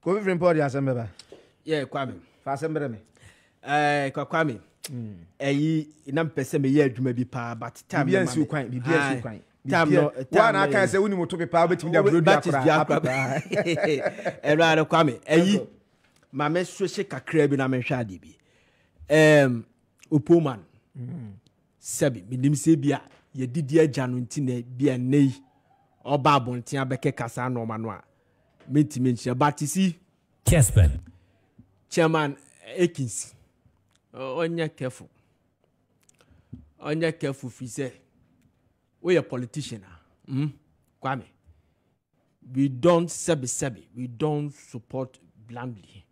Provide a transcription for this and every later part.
kofi firi mpɔ de asɛm bɛba yɛ kwame fa asɛm bɛrɛ mi ɛɛ eh, kwa kwame ɛyi hmm. eh, na mpɛ sɛ meyɛ adwuma bi paa but time bibiya nsiw kwan bibiya nsiw kwan tam no wa na aka sɛ woni moto bi paa wobɛtumi de aburo di akora ɛno ara kwame ɛyi eh, ma me so hyɛ kakra bi na mehwɛ adeɛ bi ɛɛm opoman hmm. sɛbi menim sɛ bi a yɛdidi agya no nti na bi yi ɔba abɔnten abɛkɛ kasa nɔɔma no a mɛntumi nhyia bate si kespen chairman akins ɔnyɛ careful ɔnyɛ careful fi sɛ woyɛ politician a ah. mm? kwame we don sɛbisɛbi we don support blindly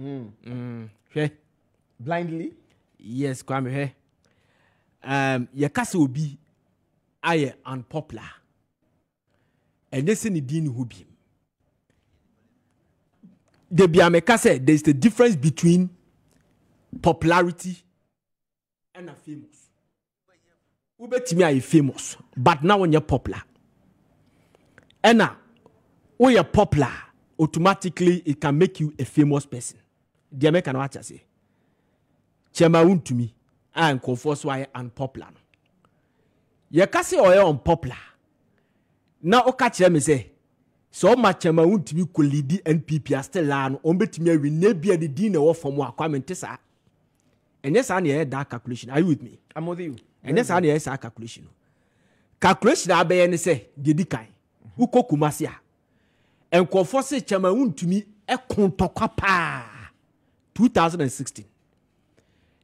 mm. Mm. hwɛ blindly yes kwame hwɛ um, yɛkasa obi ayɛ unpopular ɛnyɛ sɛ ne din ne ho biem debi ameka sɛ there is the difference between popularity ɛna famous wobɛtumi ayɛ famous but na wonyɛ popular ɛna woyɛ popular automatically it can make you a famous person deɛ meka na wakyɛ se kyɛma wontumi a nkurɔfoɔ so ayɛ unpopular no yɛka sɛ ɔyɛ unpopular na woka kyerɛ me sɛ sɛ ɔma kyɛma wontumi kɔlidi npp asɛ laa no ɔmbɛtumi awi na bia de din na ɛwɔ fam a kwame nte saa ɛnyɛ saa ne ɛyɛ daa calculation are you with me i'm with you ɛnyɛ saa ne ɛyɛ saa calculation calculation a bɛyɛ ne sɛ deɛ di kan wokɔ kumase a nkurɔfoɔ se kyɛma wontumi ɛko ntɔkwa paa 2016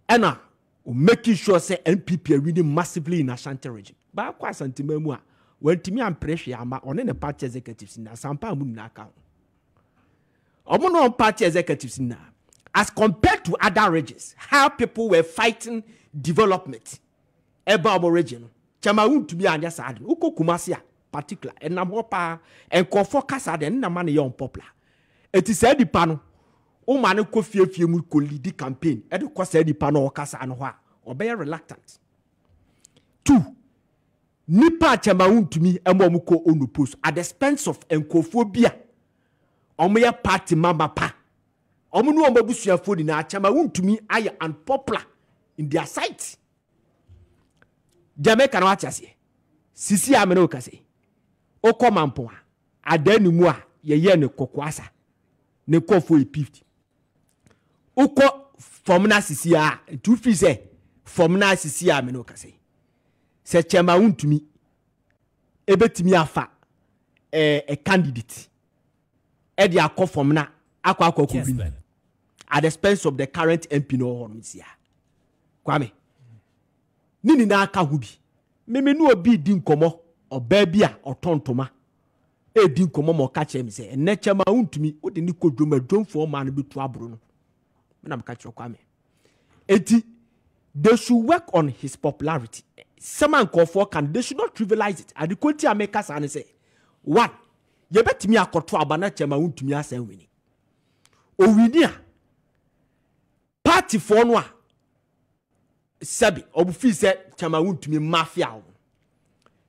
ɛna making sure sɛ npp awi ne massively in ashanti region baakɔ asantemaa a wantumi ampere hwee ama ɔne ne party executives na sampa mu nyinaa ka ho ɔmo no party executives na as compared to other regions how people were fighting development ɛba ɔmo region no kyɛnba wuntumi anya saa de no wokɔ kumasi a particular ɛnam hɔ paa nkɔfo kasa de nnama ne yɛ unpopular eti saa nipa no woma ne kɔ fiefie mu kɔ lidi campaign ɛde kɔ saa nipa no ɔkasa no hɔ a ɔbɛyɛ reluctant two nipa akyɛma wuntumi ɛma ɔmo kɔ onu post at the expense of nkurɔfoɔ bi a ɔmo yɛ party mama pa ɔmo ne ɔmo abusuafoɔ nyinaa akyɛma wuntumi ayɛ unpopular in their sight jamaica na wate aseɛ sisi amene wo kase wokɔ mampo a adaa ne mu a yɛyɛ ne kɔkɔɔ asa ne kɔfoɔ yɛ 50 wokɔ fam no asisi a nti wofi sɛ fam no asisi a amene wo sɛ kyɛma wontumi ɛbɛtumi afa ɛɛ eh, candidate ɛde akɔ fam na akɔ akɔ akɔ win at the expense of the current mp na ɔwɔ hɔ sia kwame ne nyinaa ka ho bi mmemme ne obi di nkɔmɔ ɔbaa bi a ɔtɔn ntoma ɛredi nkɔmɔ ma ɔka kyerɛ mi sɛ ɛnɛ kyɛma wontumi wode ne kɔ dwom a dwomfoɔ maa no bi to aboro no menam ka kyerɛ kwame eti they should work on his popularity sẹ́mà for can they should not trivialize it And the adekunti ameka saa ni say, one yɛbɛtumi akɔto abana kyɛm a wontumi asɛn wini owini a paatifoɔ no a sɛbi ɔbu fii said kyɛm a wontumi mafia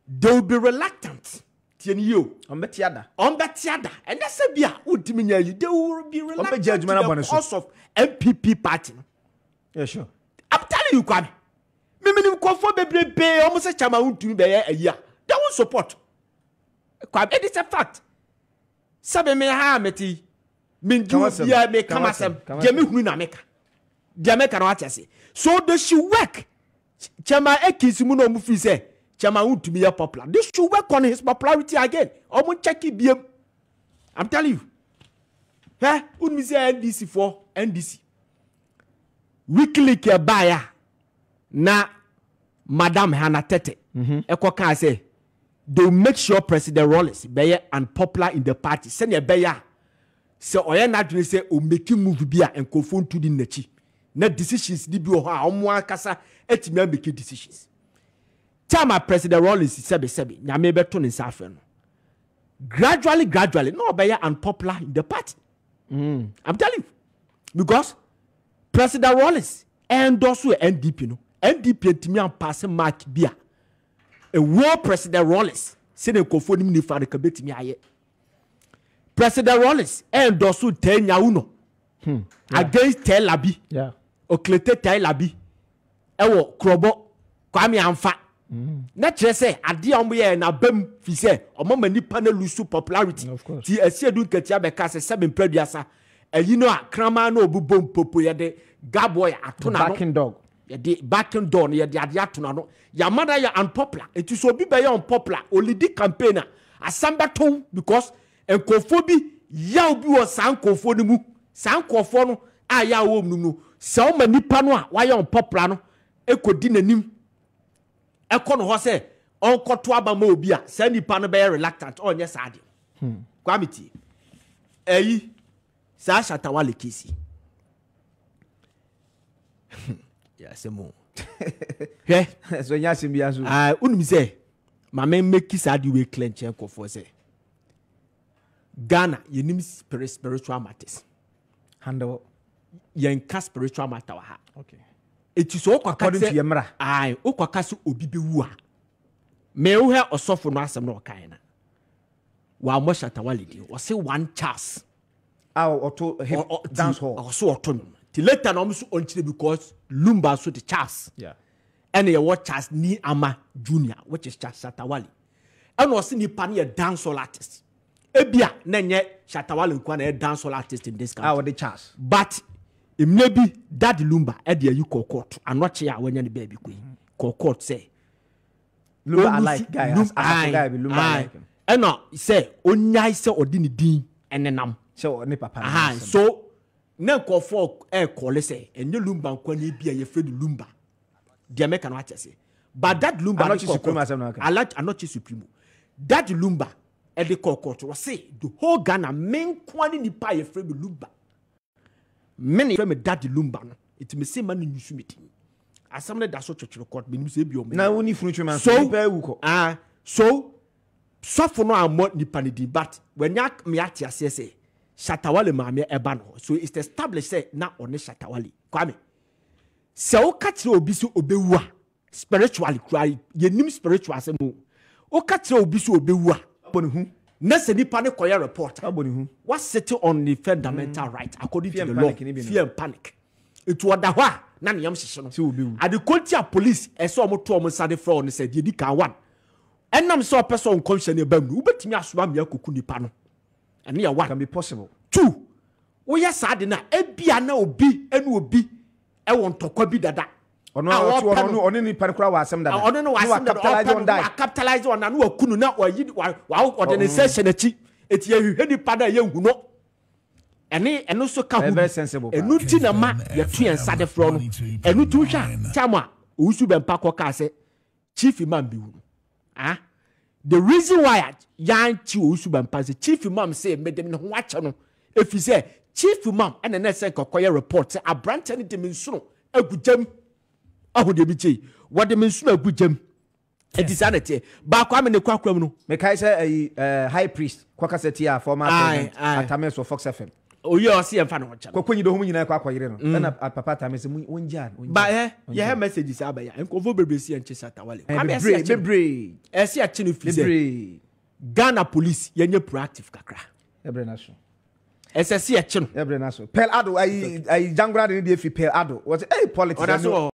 they will be reluctant tie ni yie o. ɔnbɛti ada. ɔnbɛti ada ɛnɛ sɛ bi a wontumi they will be reluctant to the cause of MPP party. Yeah, sure yi kwan mímini nkɔfo bebrebe ɔmo sɛ kyama ntumi bɛyɛ ayi a they won support kwame it is a fact sábẹ mi ha mẹti mi n ju bia mi kama sẹm diẹ mi hunu na mi ka diẹ mi ka na wa ti ase so they should work kyama ekisi mu na ɔmo fi sɛ kyama ntumi yɛ popular they should work on his popularity again ɔmo n kyɛki biem i'm telling you hɛ wọn mi ndc fɔ ndc weekly kɛ baa ya na madam hannah tete mhm. ɛkɔ kaa sɛ they will make sure president rollins and popular in the party sɛnea ɛbɛyɛ a sɛ ɔyɛ n'adwene o omeki move bi a nkurɔfoɔ ntu di n'akyi na decisions ni bi wɔ hɔ a wɔn ankasa atumi ameki decisions chairman president rollins sɛbisɛbi nyame bɛto ne nsa afɛ no gradually gradually na ɔbɛyɛ popular in the party mm. i'm telling you because president rollins ɛndɔso ndp no ndp ntumi ampaase mark bia ewo president rollins sɛde nkɔfoɔ no mu nifa de kabe tumi ayɛ president rollins ɛndɔso tɛɛ nyawu no hmm, yeah. against tɛɛ labi yeah. oklete tɛɛ labi ɛwɔ kurɔbɔ kwame anfa mm. na kyerɛ sɛ adeɛ a wɔn yɛ n'abam fi sɛ wɔn ma nipa ne lusu popularity ti esi edu nketewa bɛka sɛ sɛbi mpɛ duasa ɛyi no a kraman na obu bom popo yɛ de gaboy ato n'ano yɛde backing door no yɛde adeɛ ato n'ano yamada yɛ unpopular etu so obi bɛyɛ unpopular olidi campaign a asam bɛtɔw because nkurɔfoɔ bi yaw bi wɔ saa nkurɔfoɔ no mu saa nkurɔfoɔ no a yaw wɔ mu no sɛ ɔma nipa no a wayɛ unpopular no ekodi n'anim ɛkɔ no hɔ sɛ ɔnkɔto aba ma obi a saa nipa no bɛyɛ reluctant ɔnyɛ saa deɛ hmm. kwamiti ɛyi saa shatawale kesi. yasɛm hwɛ so nya asɛm bia so ah wonim sɛ maame mmeki saa de wei clear nkyɛn kɔfoɔ sɛ ghana yɛnim spiritual matters handle yɛnka spiritual matter wɔ ha ɛti sɛ wokɔka sɛ ai wokɔka sɛ obi bɛwu a mewohɛ ɔsɔfo no asɛm na ɔkae no wammɔ hyatawale din ɔse one chas ɔso ɔto no ti later na ɔmo so ɔnkyerɛ because lumba so te charles ɛna yɛwɔ charles ni ama junior which is charles shatawale ɛna ɔsi nipa no yɛ dancehall artist ebia na nyɛ shatawale nkwa na yɛ dancehall artist in this ah, country a wɔde charles but mmiri bi dadi lumba ɛde ayi kɔ court anɔkye a wɔnyɛ ne baabi koyi mhm. kɔ court sɛ lumba alike guy as as a guy bi lumba alike ɛna sɛ onyaa sɛ ɔde ne din ɛnenam sɛ ɔne papa ne nsɛm so na nkɔfoɔ ɛɛkɔle sɛ ɛnyɛ lumba nkwa bi a yɛfrɛ no lumba deɛ mɛka no akyɛ se but that lumba anɔkye supremo that lumba ɛde kɔkɔɔto wɔse the whole ghana menkoa ne nipa a yɛfrɛ no lumba mene yɛfrɛ me that lumba no ɛti mese ma no nyusu me din asɛm no da so twetwere kɔ menim sɛ bi ɔmna woni funu twema so pɛ wu kɔ ah, so sɔfo no ammɔ nipa ne din but wɔanya me ate aseɛ sɛ shatawale maame ɛba no so it's established sɛ na ɔne shatawale kwame sɛ woka kyerɛ obi sɛ ɔbɛwu a spiritually kura yɛnim spiritual asɛm o woka kyerɛ obi sɛ ɔbɛwu a bɔ ne na sɛ nipa ne kɔyɛ report a bɔ ne ho wasete on the fundamental mm. right according fear to the law fear and panic etu ɔda hɔ a na ne yam hyehyɛ no sɛ ɔbɛwu a police ɛsɛ ɔmo to ɔmo nsa de frɛ ɔno sɛ deɛ di kan one ɛnam sɛ ɔpɛ sɛ ɔnkɔnhyɛ ne ba mu wobɛtumi asoma mmea kɔku nipa no ɛne yɛ one. can be possible. two woyɛ saa de na ebia na obi ɛna obi ɛwɔ ntɔkwa bi dada. ɔno a ɔtu ɔno ɔne nipa kura wɔ asɛm dada. ɔno ne wɔ asɛm dada ɔpɛ no wa capitalize ɔna no wa kunu na ɔyi wa wa ɔde ne nsa hyɛ n'akyi eti ehwehwɛ nipa na yɛ nhu no ɛne ɛno nso ka ho bi ɛnu ti na ma yɛtu yɛn nsa de frɔ no ɛnu tu hwɛ a tam a owusu bɛ mpa kɔ kaa chief man bi wu ah the reason why yankye osu bɛmpa sɛ chief imam sɛ mmɛdɛm ne ho akyɛ no ɛfiri sɛ chief imam ɛna ne sɛ kɔkɔyɛ report sɛ aberanteɛ no de me nsono agu gyam aho deɛ bi kyei wɔde me nsono agu gyam ɛti saa nɛteɛ baako ame ne kɔ akora mu no mekae sɛ ayi eh, high priest kɔkasɛ tie a former atame so fox fm oyi a ɔsi yɛn fa ne ho kyɛn. kɔkɔ nyi de ɔmo nyinaa kɔ akɔ yere no. Mm. ɛna papa ta mi sɛ mo n ba ɛ yɛ hɛ mɛsɛgi sɛ abɛya nkɔfo bebree si yɛn kye sa tawale. bebree bebree ɛsi akyi ne firi sɛ ghana police yɛn nye proactive kakra. ɛbrɛ na so. ɛsɛ si akyi no. ɛbrɛ na so pɛl ado ayi ayi jangora de ne de efi pɛl ado wɔte ɛyi politics. ɔdaso wɔ.